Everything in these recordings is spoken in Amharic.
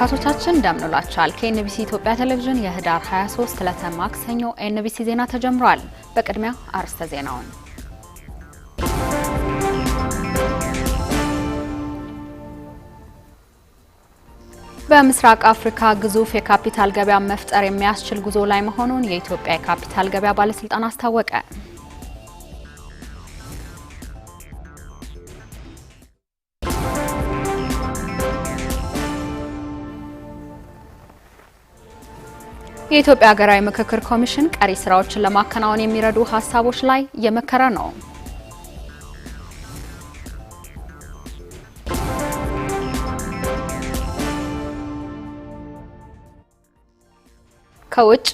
ተመልካቾቻችን እንደምንላችኋል። ከኤንቢሲ ኢትዮጵያ ቴሌቪዥን የህዳር 23 ዕለተ ማክሰኞ ኤንቢሲ ዜና ተጀምሯል። በቅድሚያ አርዕስተ ዜናውን በምስራቅ አፍሪካ ግዙፍ የካፒታል ገበያ መፍጠር የሚያስችል ጉዞ ላይ መሆኑን የኢትዮጵያ የካፒታል ገበያ ባለስልጣን አስታወቀ። የኢትዮጵያ ሀገራዊ ምክክር ኮሚሽን ቀሪ ስራዎችን ለማከናወን የሚረዱ ሀሳቦች ላይ እየመከረ ነው። ከውጭ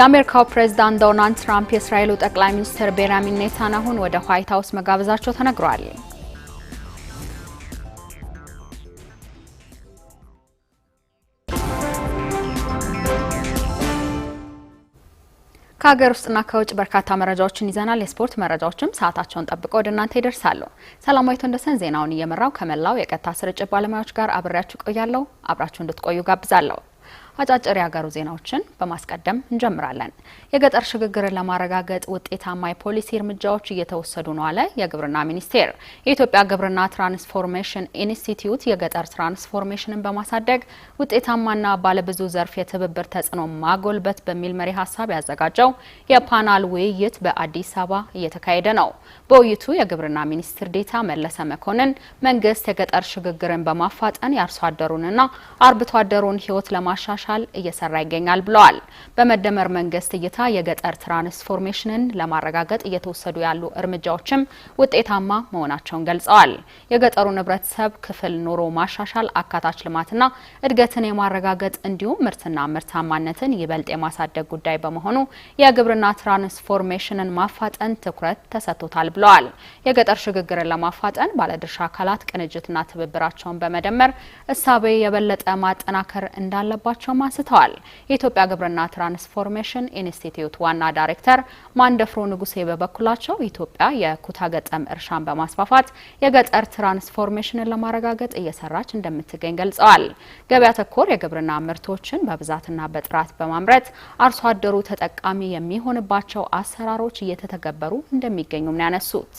የአሜሪካው ፕሬዝዳንት ዶናልድ ትራምፕ የእስራኤሉ ጠቅላይ ሚኒስትር ቤንያሚን ኔታንያሁን ወደ ዋይት ሀውስ መጋበዛቸው ተነግሯል። ከሀገር ውስጥና ከውጭ በርካታ መረጃዎችን ይዘናል። የስፖርት መረጃዎችም ሰዓታቸውን ጠብቀው ወደ እናንተ ይደርሳሉ። ሰላማዊት ወንደሰን ዜናውን እየመራው ከመላው የቀጥታ ስርጭት ባለሙያዎች ጋር አብሬያችሁ ቆያለሁ። አብራችሁ እንድትቆዩ ጋብዛለሁ። አጫጭር የሀገሩ ዜናዎችን በማስቀደም እንጀምራለን። የገጠር ሽግግርን ለማረጋገጥ ውጤታማ የፖሊሲ እርምጃዎች እየተወሰዱ ነው አለ የግብርና ሚኒስቴር። የኢትዮጵያ ግብርና ትራንስፎርሜሽን ኢንስቲትዩት የገጠር ትራንስፎርሜሽንን በማሳደግ ውጤታማና ባለብዙ ዘርፍ የትብብር ተጽዕኖ ማጎልበት በሚል መሪ ሀሳብ ያዘጋጀው የፓናል ውይይት በአዲስ አበባ እየተካሄደ ነው። በውይይቱ የግብርና ሚኒስትር ዴታ መለሰ መኮንን መንግስት የገጠር ሽግግርን በማፋጠን የአርሶ አደሩንና አርብቶ አደሩን ህይወት ለማሻሻል ለማሻሻል እየሰራ ይገኛል ብለዋል። በመደመር መንግስት እይታ የገጠር ትራንስፎርሜሽንን ለማረጋገጥ እየተወሰዱ ያሉ እርምጃዎችም ውጤታማ መሆናቸውን ገልጸዋል። የገጠሩን ህብረተሰብ ክፍል ኑሮ ማሻሻል፣ አካታች ልማትና እድገትን የማረጋገጥ እንዲሁም ምርትና ምርታማነትን ይበልጥ የማሳደግ ጉዳይ በመሆኑ የግብርና ትራንስፎርሜሽንን ማፋጠን ትኩረት ተሰጥቶታል ብለዋል። የገጠር ሽግግርን ለማፋጠን ባለድርሻ አካላት ቅንጅትና ትብብራቸውን በመደመር እሳቤ የበለጠ ማጠናከር እንዳለባቸው መነሻም አንስተዋል። የኢትዮጵያ ግብርና ትራንስፎርሜሽን ኢንስቲትዩት ዋና ዳይሬክተር ማንደፍሮ ንጉሴ በበኩላቸው ኢትዮጵያ የኩታ ገጠም እርሻን በማስፋፋት የገጠር ትራንስፎርሜሽንን ለማረጋገጥ እየሰራች እንደምትገኝ ገልጸዋል። ገበያ ተኮር የግብርና ምርቶችን በብዛትና በጥራት በማምረት አርሶ አደሩ ተጠቃሚ የሚሆንባቸው አሰራሮች እየተተገበሩ እንደሚገኙም ነው ያነሱት።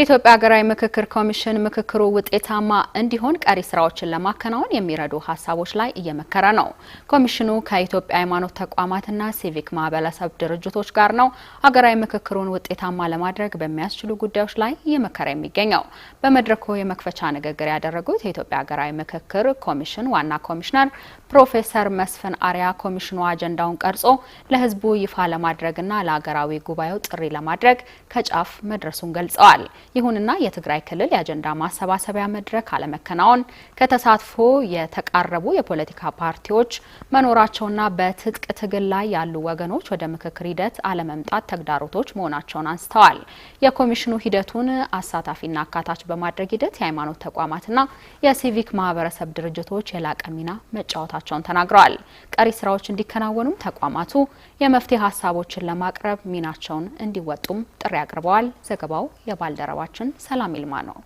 የኢትዮጵያ ሀገራዊ ምክክር ኮሚሽን ምክክሩ ውጤታማ እንዲሆን ቀሪ ስራዎችን ለማከናወን የሚረዱ ሀሳቦች ላይ እየመከረ ነው። ኮሚሽኑ ከኢትዮጵያ ሃይማኖት ተቋማትና ሲቪክ ማህበረሰብ ድርጅቶች ጋር ነው ሀገራዊ ምክክሩን ውጤታማ ለማድረግ በሚያስችሉ ጉዳዮች ላይ እየመከረ የሚገኘው። በመድረኩ የመክፈቻ ንግግር ያደረጉት የኢትዮጵያ ሀገራዊ ምክክር ኮሚሽን ዋና ኮሚሽነር ፕሮፌሰር መስፍን አሪያ ኮሚሽኑ አጀንዳውን ቀርጾ ለህዝቡ ይፋ ለማድረግና ለሀገራዊ ጉባኤው ጥሪ ለማድረግ ከጫፍ መድረሱን ገልጸዋል። ይሁንና የትግራይ ክልል የአጀንዳ ማሰባሰቢያ መድረክ አለመከናወን፣ ከተሳትፎ የተቃረቡ የፖለቲካ ፓርቲዎች መኖራቸውና በትጥቅ ትግል ላይ ያሉ ወገኖች ወደ ምክክር ሂደት አለመምጣት ተግዳሮቶች መሆናቸውን አንስተዋል። የኮሚሽኑ ሂደቱን አሳታፊና አካታች በማድረግ ሂደት የሃይማኖት ተቋማትና የሲቪክ ማህበረሰብ ድርጅቶች የላቀ ሚና መጫወታቸው መሆናቸውን ተናግረዋል። ቀሪ ስራዎች እንዲከናወኑም ተቋማቱ የመፍትሄ ሀሳቦችን ለማቅረብ ሚናቸውን እንዲወጡም ጥሪ አቅርበዋል። ዘገባው የባልደረባችን ሰላም ይልማ ነው።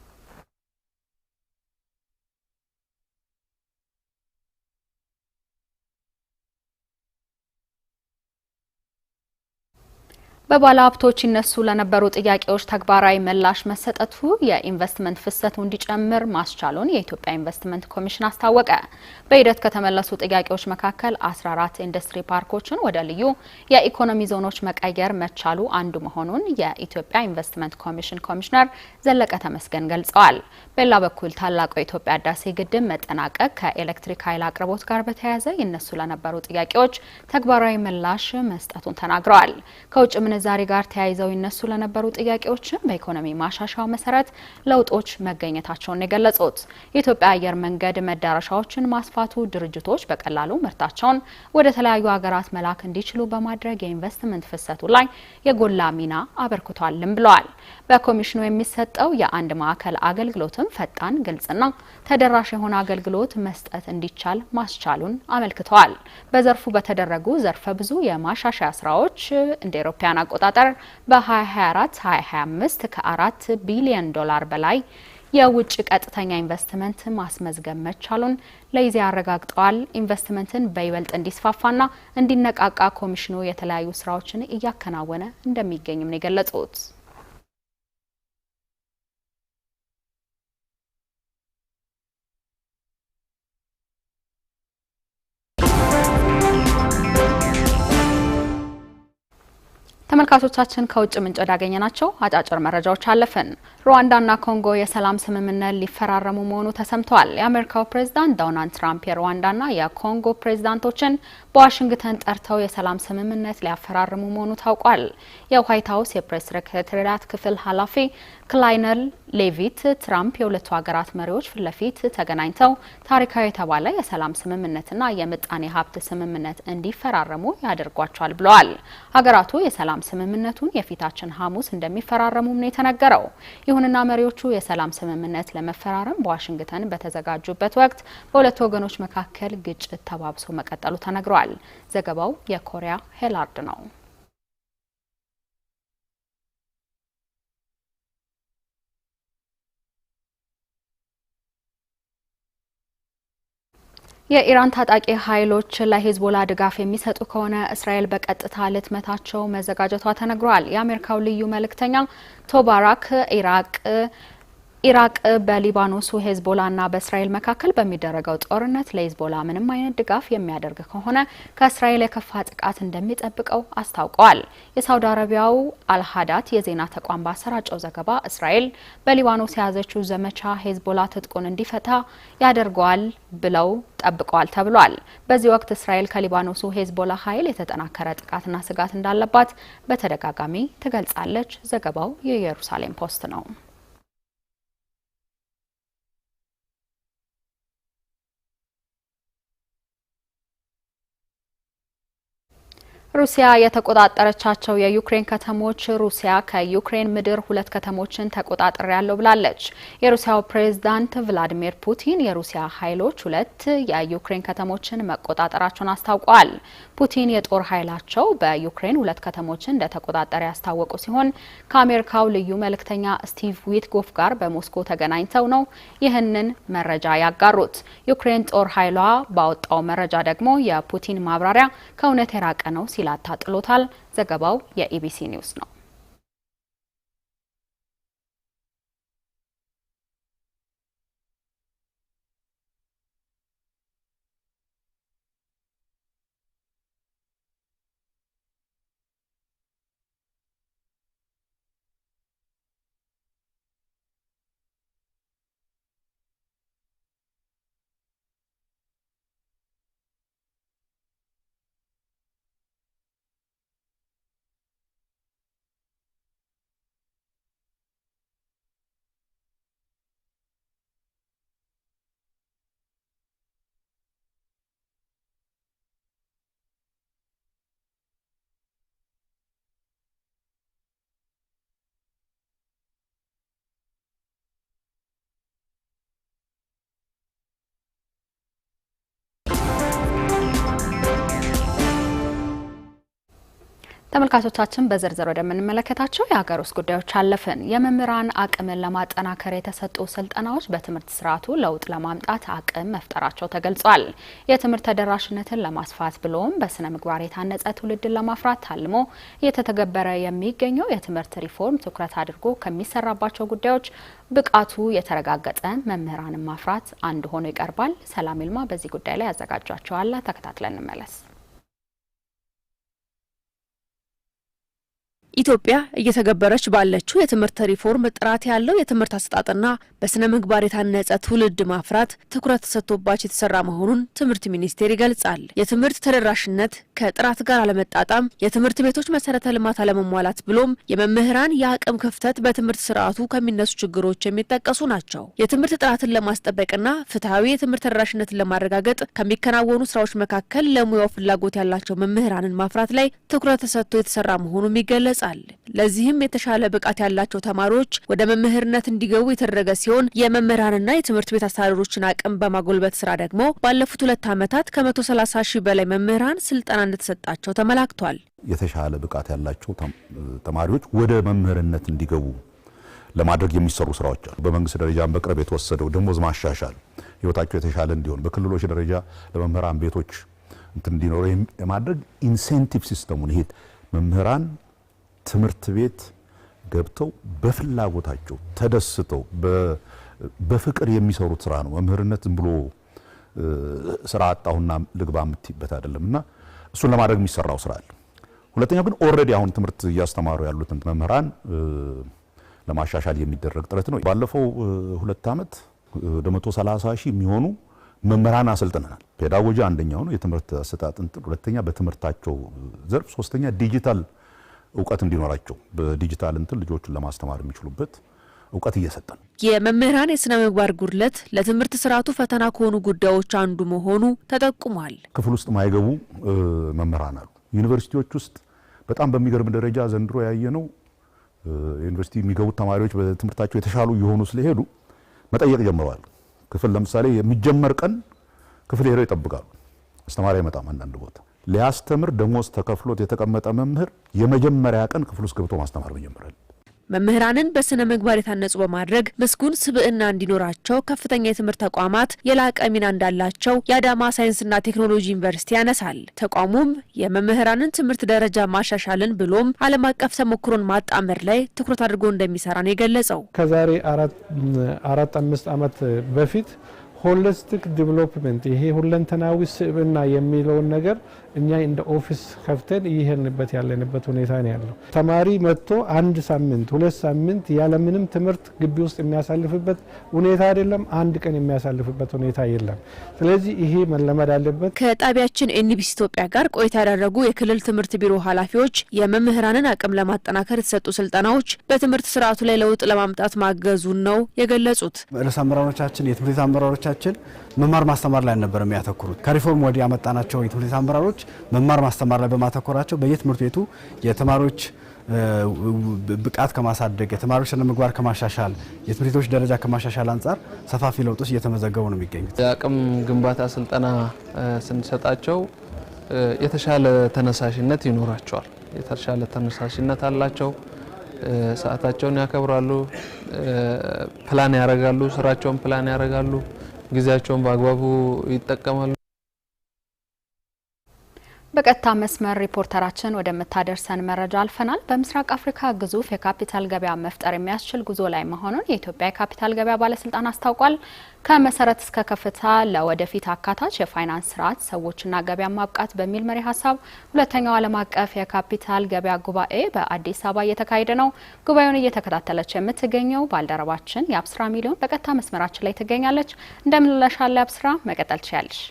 በባለ ሀብቶች ይነሱ ለነበሩ ጥያቄዎች ተግባራዊ ምላሽ መሰጠቱ የኢንቨስትመንት ፍሰቱ እንዲጨምር ማስቻሉን የኢትዮጵያ ኢንቨስትመንት ኮሚሽን አስታወቀ። በሂደት ከተመለሱ ጥያቄዎች መካከል 14 ኢንዱስትሪ ፓርኮችን ወደ ልዩ የኢኮኖሚ ዞኖች መቀየር መቻሉ አንዱ መሆኑን የኢትዮጵያ ኢንቨስትመንት ኮሚሽን ኮሚሽነር ዘለቀ ተመስገን ገልጸዋል። በሌላ በኩል ታላቁ የኢትዮጵያ ህዳሴ ግድብ መጠናቀቅ ከኤሌክትሪክ ኃይል አቅርቦት ጋር በተያያዘ ይነሱ ለነበሩ ጥያቄዎች ተግባራዊ ምላሽ መስጠቱን ተናግረዋል። ከውጭ ከምንዛሬ ጋር ተያይዘው ይነሱ ለነበሩ ጥያቄዎችም በኢኮኖሚ ማሻሻያው መሰረት ለውጦች መገኘታቸውን የገለጹት የኢትዮጵያ አየር መንገድ መዳረሻዎችን ማስፋቱ ድርጅቶች በቀላሉ ምርታቸውን ወደ ተለያዩ ሀገራት መላክ እንዲችሉ በማድረግ የኢንቨስትመንት ፍሰቱ ላይ የጎላ ሚና አበርክቷልም ብለዋል። በኮሚሽኑ የሚሰጠው የአንድ ማዕከል አገልግሎትም ፈጣን፣ ግልጽና ተደራሽ የሆነ አገልግሎት መስጠት እንዲቻል ማስቻሉን አመልክተዋል። በዘርፉ በተደረጉ ዘርፈ ብዙ የማሻሻያ ስራዎች እንደ ኤሮፓያን አቆጣጠር በ2024 2025 ከአራት ቢሊዮን ዶላር በላይ የውጭ ቀጥተኛ ኢንቨስትመንት ማስመዝገብ መቻሉን ለይዜ አረጋግጠዋል። ኢንቨስትመንትን በይበልጥ እንዲስፋፋና እንዲነቃቃ ኮሚሽኑ የተለያዩ ስራዎችን እያከናወነ እንደሚገኝም ነው የገለጹት። ተመልካቾቻችን ከውጭ ምንጭ ወዳገኘናቸው አጫጭር መረጃዎች አለፍን። ሩዋንዳና ኮንጎ የሰላም ስምምነት ሊፈራረሙ መሆኑ ተሰምተዋል። የአሜሪካው ፕሬዝዳንት ዶናልድ ትራምፕ የሩዋንዳና የኮንጎ ፕሬዝዳንቶችን በዋሽንግተን ጠርተው የሰላም ስምምነት ሊያፈራርሙ መሆኑ ታውቋል። የዋይት ሀውስ የፕሬስ ሴክሬታሪያት ክፍል ኃላፊ ክላይነል ሌቪት ትራምፕ የሁለቱ ሀገራት መሪዎች ፊት ለፊት ተገናኝተው ታሪካዊ የተባለ የሰላም ስምምነትና የምጣኔ ሀብት ስምምነት እንዲፈራረሙ ያደርጓቸዋል ብለዋል። ሀገራቱ የሰላም ስምምነቱን የፊታችን ሐሙስ እንደሚፈራረሙም ነው የተነገረው። ይሁንና መሪዎቹ የሰላም ስምምነት ለመፈራረም በዋሽንግተን በተዘጋጁበት ወቅት በሁለቱ ወገኖች መካከል ግጭት ተባብሶ መቀጠሉ ተነግሯል። ዘገባው የኮሪያ ሄላርድ ነው። የኢራን ታጣቂ ኃይሎች ለሂዝቦላ ድጋፍ የሚሰጡ ከሆነ እስራኤል በቀጥታ ልትመታቸው መዘጋጀቷ ተነግሯል። የአሜሪካው ልዩ መልእክተኛ ቶባራክ ኢራቅ ኢራቅ በሊባኖሱ ሄዝቦላና በእስራኤል መካከል በሚደረገው ጦርነት ለሄዝቦላ ምንም አይነት ድጋፍ የሚያደርግ ከሆነ ከእስራኤል የከፋ ጥቃት እንደሚጠብቀው አስታውቀዋል። የሳውዲ አረቢያው አልሃዳት የዜና ተቋም ባሰራጨው ዘገባ እስራኤል በሊባኖስ የያዘችው ዘመቻ ሄዝቦላ ትጥቁን እንዲፈታ ያደርገዋል ብለው ጠብቀዋል ተብሏል። በዚህ ወቅት እስራኤል ከሊባኖሱ ሄዝቦላ ኃይል የተጠናከረ ጥቃትና ስጋት እንዳለባት በተደጋጋሚ ትገልጻለች። ዘገባው የኢየሩሳሌም ፖስት ነው። ሩሲያ የተቆጣጠረቻቸው የዩክሬን ከተሞች ሩሲያ ከዩክሬን ምድር ሁለት ከተሞችን ተቆጣጠር ያለው ብላለች። የሩሲያው ፕሬዝዳንት ቭላዲሚር ፑቲን የሩሲያ ኃይሎች ሁለት የዩክሬን ከተሞችን መቆጣጠራቸውን አስታውቀዋል። ፑቲን የጦር ኃይላቸው በዩክሬን ሁለት ከተሞችን እንደተቆጣጠረ ያስታወቁ ሲሆን ከአሜሪካው ልዩ መልእክተኛ ስቲቭ ዊትኮፍ ጋር በሞስኮ ተገናኝተው ነው ይህንን መረጃ ያጋሩት። ዩክሬን ጦር ኃይሏ ባወጣው መረጃ ደግሞ የፑቲን ማብራሪያ ከእውነት የራቀ ነው ላታ ጥሎታል። ዘገባው የኢቢሲ ኒውስ ነው። ተመልካቾቻችን በዝርዝር ወደምንመለከታቸው የሀገር ውስጥ ጉዳዮች አለፍን። የመምህራን አቅምን ለማጠናከር የተሰጡ ስልጠናዎች በትምህርት ስርዓቱ ለውጥ ለማምጣት አቅም መፍጠራቸው ተገልጿል። የትምህርት ተደራሽነትን ለማስፋት ብሎም በስነ ምግባር የታነጸ ትውልድን ለማፍራት ታልሞ እየተተገበረ የሚገኘው የትምህርት ሪፎርም ትኩረት አድርጎ ከሚሰራባቸው ጉዳዮች ብቃቱ የተረጋገጠ መምህራንን ማፍራት አንዱ ሆኖ ይቀርባል። ሰላም ይልማ በዚህ ጉዳይ ላይ ያዘጋጇቸዋል። ተከታትለን እንመለስ። ኢትዮጵያ እየተገበረች ባለችው የትምህርት ሪፎርም ጥራት ያለው የትምህርት አሰጣጥና በስነ ምግባር የታነጸ ትውልድ ማፍራት ትኩረት ተሰጥቶባቸው የተሰራ መሆኑን ትምህርት ሚኒስቴር ይገልጻል። የትምህርት ተደራሽነት ከጥራት ጋር አለመጣጣም፣ የትምህርት ቤቶች መሰረተ ልማት አለመሟላት፣ ብሎም የመምህራን የአቅም ክፍተት በትምህርት ስርዓቱ ከሚነሱ ችግሮች የሚጠቀሱ ናቸው። የትምህርት ጥራትን ለማስጠበቅና ፍትሐዊ የትምህርት ተደራሽነትን ለማረጋገጥ ከሚከናወኑ ስራዎች መካከል ለሙያው ፍላጎት ያላቸው መምህራንን ማፍራት ላይ ትኩረት ተሰጥቶ የተሰራ መሆኑም ይገለጻል። ይገልጻል። ለዚህም የተሻለ ብቃት ያላቸው ተማሪዎች ወደ መምህርነት እንዲገቡ የተደረገ ሲሆን የመምህራንና የትምህርት ቤት አስተዳደሮችን አቅም በማጎልበት ስራ ደግሞ ባለፉት ሁለት ዓመታት ከ130 ሺህ በላይ መምህራን ስልጠና እንደተሰጣቸው ተመላክቷል። የተሻለ ብቃት ያላቸው ተማሪዎች ወደ መምህርነት እንዲገቡ ለማድረግ የሚሰሩ ስራዎች አሉ። በመንግስት ደረጃ በቅርብ የተወሰደው ደሞዝ ማሻሻል ህይወታቸው የተሻለ እንዲሆን፣ በክልሎች ደረጃ ለመምህራን ቤቶች እንትን የማድረግ ኢንሴንቲቭ ሲስተሙን ይሄ መምህራን ትምህርት ቤት ገብተው በፍላጎታቸው ተደስተው በፍቅር የሚሰሩት ስራ ነው። መምህርነት ዝም ብሎ ስራ አጣሁና ልግባ የምትይበት አይደለም እና እሱን ለማድረግ የሚሰራው ስራ አለ። ሁለተኛው ግን ኦልሬዲ አሁን ትምህርት እያስተማሩ ያሉትን መምህራን ለማሻሻል የሚደረግ ጥረት ነው። ባለፈው ሁለት ዓመት ወደ 130 ሺህ የሚሆኑ መምህራን አሰልጥነናል። ፔዳጎጂ አንደኛው ነው፣ የትምህርት አሰጣጥን ሁለተኛ፣ በትምህርታቸው ዘርፍ ሶስተኛ፣ ዲጂታል እውቀት እንዲኖራቸው በዲጂታል እንትን ልጆቹን ለማስተማር የሚችሉበት እውቀት እየሰጠን የመምህራን የስነ ምግባር ጉድለት ለትምህርት ስርዓቱ ፈተና ከሆኑ ጉዳዮች አንዱ መሆኑ ተጠቁሟል። ክፍል ውስጥ ማይገቡ መምህራን አሉ። ዩኒቨርሲቲዎች ውስጥ በጣም በሚገርም ደረጃ ዘንድሮ ያየ ነው። ዩኒቨርሲቲ የሚገቡት ተማሪዎች በትምህርታቸው የተሻሉ እየሆኑ ስለሄዱ መጠየቅ ጀምረዋል። ክፍል ለምሳሌ የሚጀመር ቀን ክፍል ሄደው ይጠብቃሉ። አስተማሪ አይመጣም አንዳንድ ቦታ ሊያስተምር ደሞዝ ተከፍሎት የተቀመጠ መምህር የመጀመሪያ ቀን ክፍል ውስጥ ገብቶ ማስተማር መጀመራል። መምህራንን በስነ ምግባር የታነጹ በማድረግ ምስጉን ስብዕና እንዲኖራቸው ከፍተኛ የትምህርት ተቋማት የላቀ ሚና እንዳላቸው የአዳማ ሳይንስና ቴክኖሎጂ ዩኒቨርሲቲ ያነሳል። ተቋሙም የመምህራንን ትምህርት ደረጃ ማሻሻልን ብሎም ዓለም አቀፍ ተሞክሮን ማጣመር ላይ ትኩረት አድርጎ እንደሚሰራ ነው የገለጸው። ከዛሬ አራት አምስት ዓመት በፊት ሆሊስቲክ ዲቨሎፕመንት ይሄ ሁለንተናዊ ስብና የሚለውን ነገር እኛ እንደ ኦፊስ ከፍተን እየሄድንበት ያለንበት ሁኔታ ነው ያለው። ተማሪ መጥቶ አንድ ሳምንት ሁለት ሳምንት ያለምንም ትምህርት ግቢ ውስጥ የሚያሳልፍበት ሁኔታ አይደለም። አንድ ቀን የሚያሳልፍበት ሁኔታ የለም። ስለዚህ ይሄ መለመድ አለበት። ከጣቢያችን ኤንቢሲ ኢትዮጵያ ጋር ቆይታ ያደረጉ የክልል ትምህርት ቢሮ ኃላፊዎች የመምህራንን አቅም ለማጠናከር የተሰጡ ስልጠናዎች በትምህርት ስርዓቱ ላይ ለውጥ ለማምጣት ማገዙን ነው የገለጹት። ርዕሰ አመራሮቻችን የትምህርት አመራሮቻችን አመራሮቻችን መማር ማስተማር ላይ ነበር የሚያተኩሩት። ከሪፎርም ወዲህ ያመጣናቸው የትምህርት ቤት አመራሮች መማር ማስተማር ላይ በማተኮራቸው በየትምህርት ቤቱ የተማሪዎች ብቃት ከማሳደግ የተማሪዎች ስነ ምግባር ከማሻሻል የትምህርት ቤቶች ደረጃ ከማሻሻል አንጻር ሰፋፊ ለውጦች እየተመዘገቡ ነው የሚገኙት። የአቅም ግንባታ ስልጠና ስንሰጣቸው የተሻለ ተነሳሽነት ይኖራቸዋል። የተሻለ ተነሳሽነት አላቸው። ሰዓታቸውን ያከብራሉ። ፕላን ያደርጋሉ። ስራቸውን ፕላን ያደርጋሉ። ጊዜያቸውን በአግባቡ ይጠቀማሉ። በቀጥታ መስመር ሪፖርተራችን ወደምታደርሰን መረጃ አልፈናል። በምስራቅ አፍሪካ ግዙፍ የካፒታል ገበያ መፍጠር የሚያስችል ጉዞ ላይ መሆኑን የኢትዮጵያ የካፒታል ገበያ ባለስልጣን አስታውቋል። ከመሰረት እስከ ከፍታ ለወደፊት አካታች የፋይናንስ ስርዓት ሰዎችና ገበያ ማብቃት በሚል መሪ ሀሳብ ሁለተኛው ዓለም አቀፍ የካፒታል ገበያ ጉባኤ በአዲስ አበባ እየተካሄደ ነው። ጉባኤውን እየተከታተለች የምትገኘው ባልደረባችን የአብስራ ሚሊዮን በቀጥታ መስመራችን ላይ ትገኛለች። እንደምንለሻለ አብስራ፣ መቀጠል ትችያለሽ።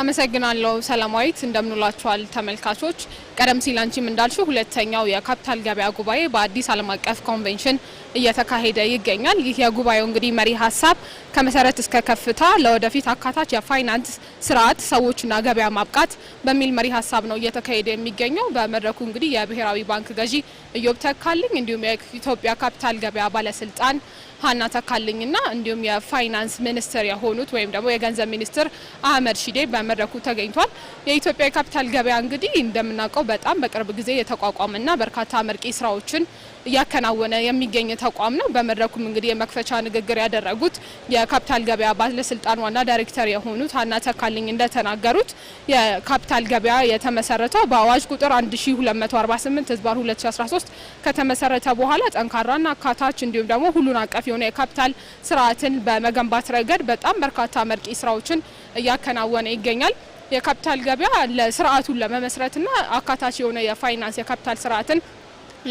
አመሰግናለሁ ሰላማዊት። እንደምንላችኋል ተመልካቾች። ቀደም ሲል አንቺም እንዳልሽው ሁለተኛው የካፒታል ገበያ ጉባኤ በአዲስ ዓለም አቀፍ ኮንቬንሽን እየተካሄደ ይገኛል። ይህ የጉባኤው እንግዲህ መሪ ሀሳብ ከመሰረት እስከ ከፍታ ለወደፊት አካታች የፋይናንስ ስርዓት ሰዎችና ገበያ ማብቃት በሚል መሪ ሀሳብ ነው እየተካሄደ የሚገኘው። በመድረኩ እንግዲህ የብሔራዊ ባንክ ገዢ እዮብ ተካልኝ እንዲሁም የኢትዮጵያ ካፒታል ገበያ ባለስልጣን ሀና ተካልኝና እንዲሁም የፋይናንስ ሚኒስትር የሆኑት ወይም ደግሞ የገንዘብ ሚኒስትር አህመድ ሺዴ በመድረኩ ተገኝቷል። የኢትዮጵያ የካፒታል ገበያ እንግዲህ እንደምናውቀው በጣም በቅርብ ጊዜ የተቋቋመና በርካታ መርቂ ስራዎችን እያከናወነ የሚገኝ ተቋም ነው። በመድረኩም እንግዲህ የመክፈቻ ንግግር ያደረጉት የካፒታል ገበያ ባለስልጣን ዋና ዳይሬክተር የሆኑት ሀና ተካልኝ እንደተናገሩት የካፒታል ገበያ የተመሰረተው በአዋጅ ቁጥር 1248 ህዝባር 2013 ከተመሰረተ በኋላ ጠንካራና አካታች እንዲሁም ደግሞ ሁሉን አቀፍ የሆነ የካፒታል ስርዓትን በመገንባት ረገድ በጣም በርካታ መርቂ ስራዎችን እያከናወነ ይገኛል። የካፒታል ገበያ ለስርዓቱን ለመመስረትና አካታች የሆነ የፋይናንስ የካፒታል ስርዓትን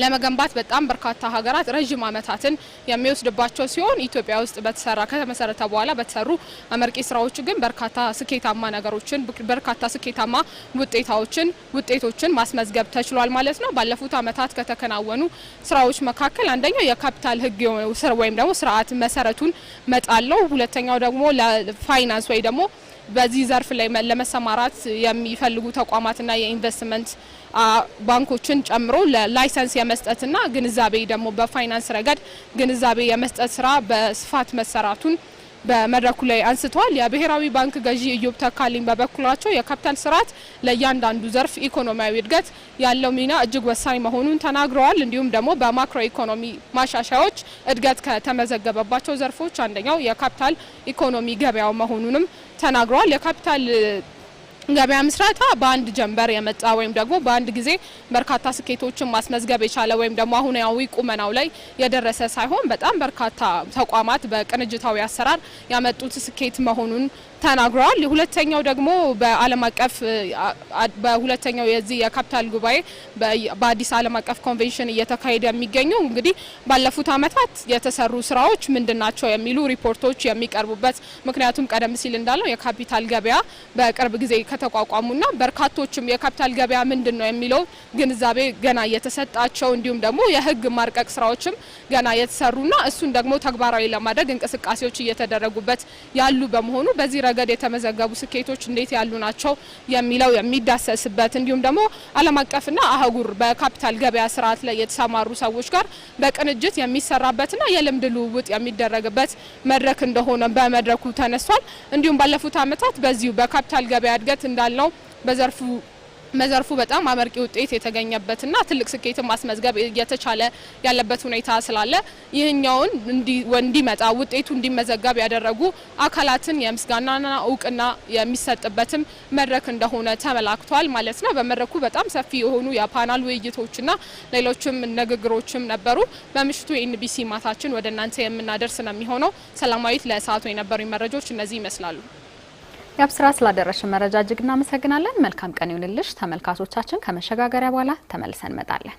ለመገንባት በጣም በርካታ ሀገራት ረዥም ዓመታትን የሚወስድባቸው ሲሆን ኢትዮጵያ ውስጥ በተሰራ ከተመሰረተ በኋላ በተሰሩ አመርቂ ስራዎች ግን በርካታ ስኬታማ ነገሮችን በርካታ ስኬታማ ውጤታዎችን ውጤቶችን ማስመዝገብ ተችሏል ማለት ነው። ባለፉት ዓመታት ከተከናወኑ ስራዎች መካከል አንደኛው የካፒታል ህግ ወይም ደግሞ ስርዓት መሰረቱን መጣለው። ሁለተኛው ደግሞ ለፋይናንስ ወይ ደግሞ በዚህ ዘርፍ ላይ ለመሰማራት የሚፈልጉ ተቋማትና የኢንቨስትመንት ባንኮችን ጨምሮ ለላይሰንስ የመስጠትና ግንዛቤ ደግሞ በፋይናንስ ረገድ ግንዛቤ የመስጠት ስራ በስፋት መሰራቱን በመድረኩ ላይ አንስተዋል። የብሔራዊ ባንክ ገዢ እዮብ ተካልኝ በበኩላቸው የካፒታል ስርዓት ለእያንዳንዱ ዘርፍ ኢኮኖሚያዊ እድገት ያለው ሚና እጅግ ወሳኝ መሆኑን ተናግረዋል። እንዲሁም ደግሞ በማክሮ ኢኮኖሚ ማሻሻያዎች እድገት ከተመዘገበባቸው ዘርፎች አንደኛው የካፒታል ኢኮኖሚ ገበያው መሆኑንም ተናግረዋል። የካፒታል ገበያ ምስረታ በአንድ ጀንበር የመጣ ወይም ደግሞ በአንድ ጊዜ በርካታ ስኬቶችን ማስመዝገብ የቻለ ወይም ደግሞ አሁናዊ ቁመናው ላይ የደረሰ ሳይሆን በጣም በርካታ ተቋማት በቅንጅታዊ አሰራር ያመጡት ስኬት መሆኑን ተናግረዋል። ሁለተኛው ደግሞ በዓለም አቀፍ በሁለተኛው የዚህ የካፒታል ጉባኤ በአዲስ ዓለም አቀፍ ኮንቬንሽን እየተካሄደ የሚገኘው እንግዲህ ባለፉት ዓመታት የተሰሩ ስራዎች ምንድን ናቸው የሚሉ ሪፖርቶች የሚቀርቡበት ምክንያቱም ቀደም ሲል እንዳለው የካፒታል ገበያ በቅርብ ጊዜ ከተቋቋሙና በርካቶችም የካፒታል ገበያ ምንድን ነው የሚለው ግንዛቤ ገና እየተሰጣቸው እንዲሁም ደግሞ የህግ ማርቀቅ ስራዎችም ገና የተሰሩና እሱን ደግሞ ተግባራዊ ለማድረግ እንቅስቃሴዎች እየተደረጉበት ያሉ በመሆኑ በዚህ ረገድ የተመዘገቡ ስኬቶች እንዴት ያሉ ናቸው የሚለው የሚዳሰስበት እንዲሁም ደግሞ ዓለም አቀፍና አህጉር በካፒታል ገበያ ስርዓት ላይ የተሰማሩ ሰዎች ጋር በቅንጅት የሚሰራበትና የልምድ ልውውጥ የሚደረግበት መድረክ እንደሆነ በመድረኩ ተነስቷል። እንዲሁም ባለፉት ዓመታት በዚሁ በካፒታል ገበያ እድገት እንዳልነው በዘርፉ መዘርፉ በጣም አመርቂ ውጤት የተገኘበትና ትልቅ ስኬትን ማስመዝገብ እየተቻለ ያለበት ሁኔታ ስላለ ይህኛውን እንዲመጣ ውጤቱ እንዲመዘገብ ያደረጉ አካላትን የምስጋናና እውቅና የሚሰጥበትም መድረክ እንደሆነ ተመላክቷል ማለት ነው። በመድረኩ በጣም ሰፊ የሆኑ የፓናል ውይይቶችና ሌሎችም ንግግሮችም ነበሩ። በምሽቱ የኤንቢሲ ማታችን ወደ እናንተ የምናደርስ ነው የሚሆነው። ሰላማዊት፣ ለሰዓቱ የነበሩ መረጃዎች እነዚህ ይመስላሉ። ስራ ስላደረሽን መረጃ እጅግ እናመሰግናለን። መልካም ቀን ይሁንልሽ። ተመልካቾቻችን ከመሸጋገሪያ በኋላ ተመልሰን እንመጣለን።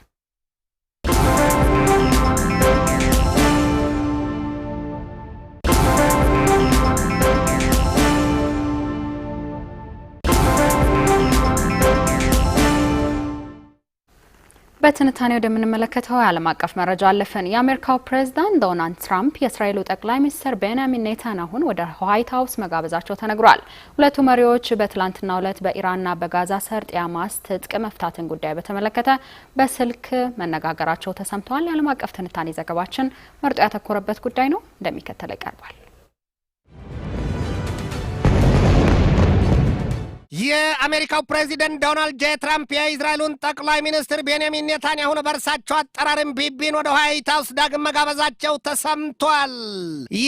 በትንታኔ ወደምንመለከተው የዓለም አቀፍ መረጃ አለፈን። የአሜሪካው ፕሬዝዳንት ዶናልድ ትራምፕ የእስራኤሉ ጠቅላይ ሚኒስትር ቤንያሚን ኔታንያሁን ወደ ዋይት ሀውስ መጋበዛቸው ተነግሯል። ሁለቱ መሪዎች በትላንትናው ዕለት በኢራንና በጋዛ ሰርጥ የሐማስ ትጥቅ መፍታትን ጉዳይ በተመለከተ በስልክ መነጋገራቸው ተሰምተዋል። የዓለም አቀፍ ትንታኔ ዘገባችን መርጦ ያተኮረበት ጉዳይ ነው፣ እንደሚከተለው ይቀርባል። የአሜሪካው ፕሬዚደንት ዶናልድ ጄ ትራምፕ የእስራኤሉን ጠቅላይ ሚኒስትር ቤንያሚን ኔታንያሁን በእርሳቸው አጠራርም ቢቢን ወደ ዋይት ሀውስ ዳግም መጋበዛቸው ተሰምቷል።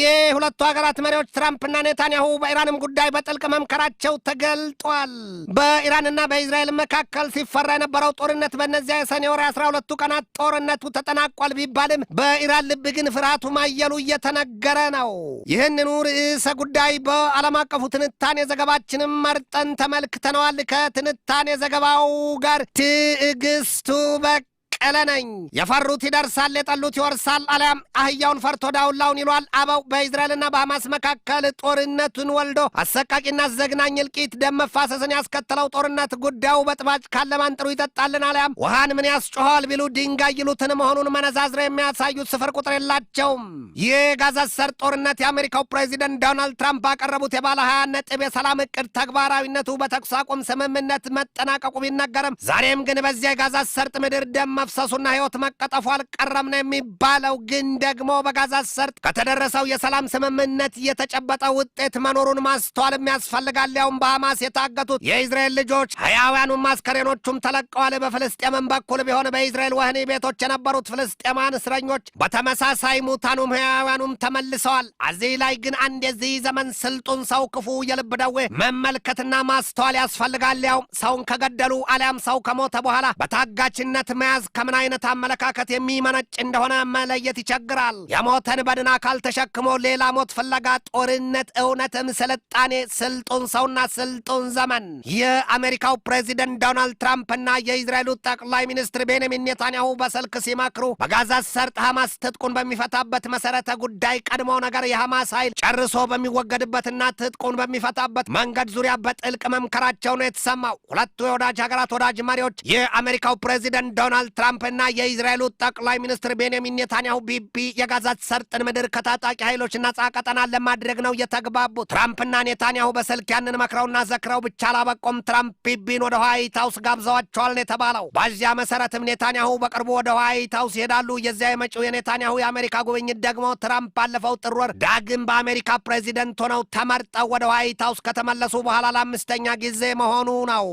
የሁለቱ ሀገራት መሪዎች ትራምፕና ኔታንያሁ በኢራንም ጉዳይ በጥልቅ መምከራቸው ተገልጧል። በኢራንና በእስራኤል መካከል ሲፈራ የነበረው ጦርነት በእነዚያ የሰኔ ወር አስራ ሁለቱ ቀናት ጦርነቱ ተጠናቋል ቢባልም በኢራን ልብ ግን ፍርሃቱ ማየሉ እየተነገረ ነው። ይህንኑ ርዕሰ ጉዳይ በዓለም አቀፉ ትንታኔ ዘገባችንም መርጠን ተመ ተመልክተነዋል። ከትንታኔ ዘገባው ጋር ትዕግስቱ በቅ በቀለ ነኝ። የፈሩት ይደርሳል፣ የጠሉት ይወርሳል፣ አሊያም አህያውን ፈርቶ ዳውላውን ይሏል። አበው በእስራኤልና በሐማስ መካከል ጦርነቱን ወልዶ አሰቃቂና አዘግናኝ እልቂት፣ ደም መፋሰስን ያስከተለው ጦርነት ጉዳዩ በጥባጭ ካለማን ጥሩ ይጠጣልን አሊያም ውሃን ምን ያስጮኋል ቢሉ ድንጋይ ይሉትን መሆኑን መነዛዝረ የሚያሳዩት ስፍር ቁጥር የላቸውም። ይህ ጋዛ ጦርነት የአሜሪካው ፕሬዚደንት ዶናልድ ትራምፕ ባቀረቡት የባለ ሀያ ነጥብ የሰላም እቅድ ተግባራዊነቱ በተኩስ አቁም ስምምነት መጠናቀቁ ቢነገርም ዛሬም ግን በዚያ የጋዛ ሰርጥ ምድር ደም መፍሰሱና ሕይወት መቀጠፉ አልቀረም ነው የሚባለው። ግን ደግሞ በጋዛ ሰርጥ ከተደረሰው የሰላም ስምምነት የተጨበጠ ውጤት መኖሩን ማስተዋልም ያስፈልጋል። ያውም በሐማስ የታገቱት የእስራኤል ልጆች ሕያውያኑም አስከሬኖቹም ተለቀዋል። በፍልስጤምም በኩል ቢሆን በእስራኤል ወህኒ ቤቶች የነበሩት ፍልስጤማን እስረኞች በተመሳሳይ ሙታኑም ሕያውያኑም ተመልሰዋል። እዚህ ላይ ግን አንድ የዚህ ዘመን ስልጡን ሰው ክፉ የልብ ደዌ መመልከትና ማስተዋል ያስፈልጋል። ያውም ሰውን ከገደሉ አሊያም ሰው ከሞተ በኋላ በታጋችነት መያዝ ከምን አይነት አመለካከት የሚመነጭ እንደሆነ መለየት ይቸግራል። የሞተን በድን አካል ተሸክሞ ሌላ ሞት ፍለጋ ጦርነት፣ እውነትም ስልጣኔ፣ ስልጡን ሰውና ስልጡን ዘመን የአሜሪካው ፕሬዚደንት ዶናልድ ትራምፕና የእስራኤሉ ጠቅላይ ሚኒስትር ቤንያሚን ኔታንያሁ በስልክ ሲመክሩ በጋዛ ሰርጥ ሐማስ ትጥቁን በሚፈታበት መሰረተ ጉዳይ ቀድሞው ነገር የሐማስ ኃይል ጨርሶ በሚወገድበትና ትጥቁን በሚፈታበት መንገድ ዙሪያ በጥልቅ መምከራቸው ነው የተሰማው። ሁለቱ የወዳጅ ሀገራት ወዳጅ መሪዎች የአሜሪካው ፕሬዚደንት ዶናልድ ትራምፕ ትራምፕና የእስራኤሉ ጠቅላይ ሚኒስትር ቤንያሚን ኔታንያሁ ቢቢ የጋዛት ሰርጥን ምድር ከታጣቂ ኃይሎች ነጻ ቀጠና ለማድረግ ነው የተግባቡ። ትራምፕና ኔታንያሁ በስልክ ያንን መክረውና ዘክረው ብቻ አላበቆም። ትራምፕ ቢቢን ወደ ዋይት ሀውስ ጋብዘዋቸዋል ነው የተባለው። በዚያ መሰረትም ኔታንያሁ በቅርቡ ወደ ዋይት ሀውስ ይሄዳሉ። የዚያ የመጪው የኔታንያሁ የአሜሪካ ጉብኝት ደግሞ ትራምፕ ባለፈው ጥር ወር ዳግም በአሜሪካ ፕሬዚደንት ሆነው ተመርጠው ወደ ዋይት ሀውስ ከተመለሱ በኋላ ለአምስተኛ ጊዜ መሆኑ ነው።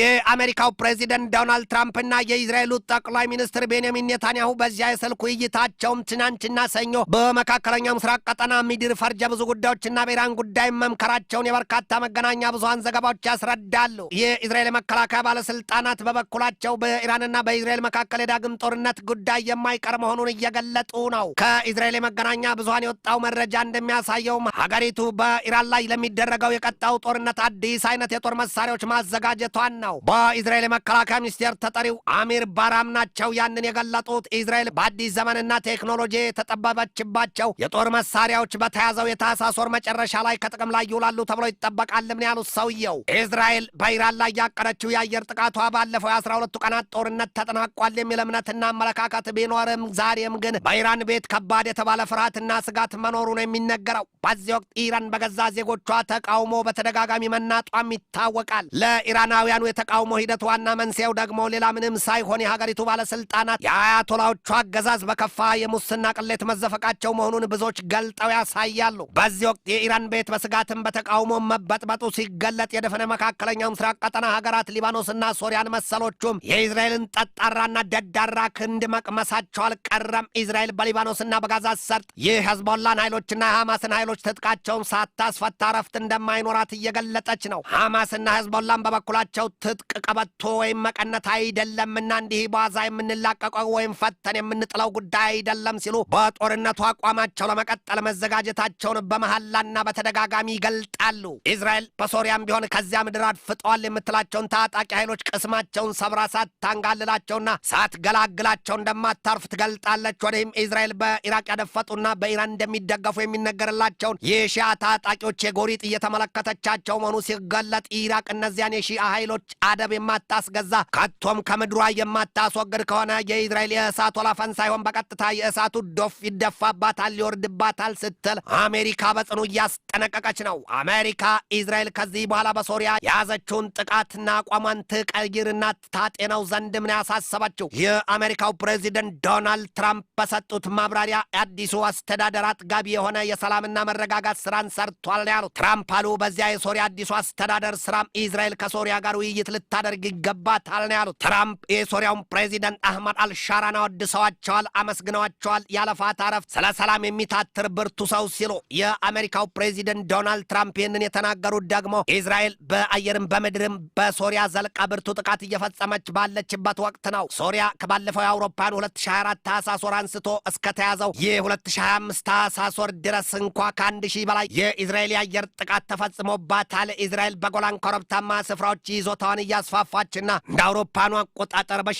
የአሜሪካው ፕሬዚደንት ዶናልድ ትራምፕና የእስራኤሉ ጠቅላይ ጠቅላይ ሚኒስትር ቤንያሚን ኔታንያሁ በዚያ የስልክ ውይይታቸውም ትናንትና ሰኞ በመካከለኛው ምስራቅ ቀጠና ሚድር ፈርጀ ብዙ ጉዳዮችና በኢራን ጉዳይ መምከራቸውን የበርካታ መገናኛ ብዙሀን ዘገባዎች ያስረዳሉ። የእስራኤል መከላከያ ባለስልጣናት በበኩላቸው በኢራንና በእስራኤል መካከል የዳግም ጦርነት ጉዳይ የማይቀር መሆኑን እየገለጡ ነው። ከእስራኤል የመገናኛ ብዙሀን የወጣው መረጃ እንደሚያሳየውም ሀገሪቱ በኢራን ላይ ለሚደረገው የቀጣው ጦርነት አዲስ አይነት የጦር መሳሪያዎች ማዘጋጀቷን ነው። በእስራኤል የመከላከያ ሚኒስቴር ተጠሪው አሚር ባራምና ናቸው ያንን የገለጡት። ኢዝራኤል በአዲስ ዘመንና ቴክኖሎጂ የተጠበበችባቸው የጦር መሳሪያዎች በተያዘው የታህሳስ ወር መጨረሻ ላይ ከጥቅም ላይ ይውላሉ ተብሎ ይጠበቃል ምን ያሉት ሰውየው። ኢዝራኤል በኢራን ላይ ያቀረችው የአየር ጥቃቷ ባለፈው የአስራ ሁለቱ ቀናት ጦርነት ተጠናቋል የሚል እምነትና አመለካከት ቢኖርም ዛሬም ግን በኢራን ቤት ከባድ የተባለ ፍርሃትና ስጋት መኖሩ ነው የሚነገረው። በዚህ ወቅት ኢራን በገዛ ዜጎቿ ተቃውሞ በተደጋጋሚ መናጧም ይታወቃል። ለኢራናውያኑ የተቃውሞ ሂደት ዋና መንስኤው ደግሞ ሌላ ምንም ሳይሆን የሀገሪቱ ባለስልጣናት የአያቶላዎቹ አገዛዝ በከፋ የሙስና ቅሌት መዘፈቃቸው መሆኑን ብዙዎች ገልጠው ያሳያሉ። በዚህ ወቅት የኢራን ቤት በስጋትም በተቃውሞ መበጥበጡ ሲገለጥ የደፈነ መካከለኛው ምስራቅ ቀጠና ሀገራት ሊባኖስና ሶሪያን መሰሎቹም የኢዝራኤልን ጠጣራና ደዳራ ክንድ መቅመሳቸው አልቀረም። ኢዝራኤል በሊባኖስና በጋዛ ሰርጥ ይህ ሄዝቦላን ኃይሎችና የሐማስን ኃይሎች ትጥቃቸውን ሳታስፈታ ረፍት እንደማይኖራት እየገለጠች ነው። ሐማስና ሄዝቦላን በበኩላቸው ትጥቅ ቀበቶ ወይም መቀነት አይደለምና እንዲህ በዋዛ ከዋዛ የምንላቀቀው ወይም ፈተን የምንጥለው ጉዳይ አይደለም ሲሉ በጦርነቱ አቋማቸው ለመቀጠል መዘጋጀታቸውን በመሐላና በተደጋጋሚ ይገልጣሉ። ኢዝራኤል በሶሪያም ቢሆን ከዚያ ምድር አድፍጠዋል የምትላቸውን ታጣቂ ኃይሎች ቅስማቸውን ሰብራ ሳታንጋልላቸውና ሳትገላግላቸው እንደማታርፍ ትገልጣለች። ወዲህም ኢዝራኤል በኢራቅ ያደፈጡና በኢራን እንደሚደገፉ የሚነገርላቸውን የሺያ ታጣቂዎች የጎሪጥ እየተመለከተቻቸው መሆኑ ሲገለጥ ኢራቅ እነዚያን የሺያ ኃይሎች አደብ የማታስገዛ ከቶም ከምድሯ የማታስወ የምትወገድ ከሆነ የእስራኤል የእሳት ወላፈን ሳይሆን በቀጥታ የእሳቱ ዶፍ ይደፋባታል፣ ይወርድባታል ስትል አሜሪካ በጽኑ እያስጠነቀቀች ነው። አሜሪካ እስራኤል ከዚህ በኋላ በሶሪያ የያዘችውን ጥቃትና አቋሟን ትቀይርና ታጤነው ዘንድ ምን ያሳሰባችው የአሜሪካው ፕሬዚደንት ዶናልድ ትራምፕ በሰጡት ማብራሪያ የአዲሱ አስተዳደር አጥጋቢ የሆነ የሰላምና መረጋጋት ስራን ሰርቷል ያሉት ትራምፕ አሉ። በዚያ የሶሪያ አዲሱ አስተዳደር ስራም እስራኤል ከሶሪያ ጋር ውይይት ልታደርግ ይገባታል ነው ያሉት ትራምፕ የሶሪያውን ፕሬዚደንት ፕሬዚደንት አህመድ አልሻራን አወድሰዋቸዋል፣ አመስግነዋቸዋል። ያለ ፋታ ስለ ሰላም የሚታትር ብርቱ ሰው ሲሉ የአሜሪካው ፕሬዚደንት ዶናልድ ትራምፕ ይህንን የተናገሩት ደግሞ እስራኤል በአየርም በምድርም በሶሪያ ዘልቃ ብርቱ ጥቃት እየፈጸመች ባለችበት ወቅት ነው። ሶሪያ ከባለፈው የአውሮፓን 2024 ታህሳስ ወር አንስቶ እስከተያዘው የ2025 ታህሳስ ወር ድረስ እንኳ ከአንድ ሺህ በላይ የኢዝራኤል የአየር ጥቃት ተፈጽሞባታል። እስራኤል በጎላን ኮረብታማ ስፍራዎች ይዞታዋን እያስፋፋችና እንደ አውሮፓኑ አቆጣጠር በ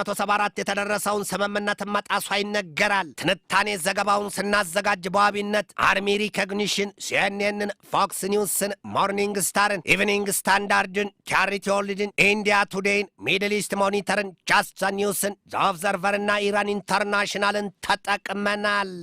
1974 የተደረሰውን ስምምነት መጣሷ ይነገራል። ትንታኔ ዘገባውን ስናዘጋጅ በዋቢነት አርሚ ሪኮግኒሽን፣ ሲኤንኤንን፣ ፎክስ ኒውስን፣ ሞርኒንግ ስታርን፣ ኢቭኒንግ ስታንዳርድን፣ ቻሪቲ ወርልድን፣ ኢንዲያ ቱዴይን፣ ሚድል ኢስት ሞኒተርን፣ ጃስት ኒውስን፣ ዘ ኦብዘርቨርና ኢራን ኢንተርናሽናልን ተጠቅመናል።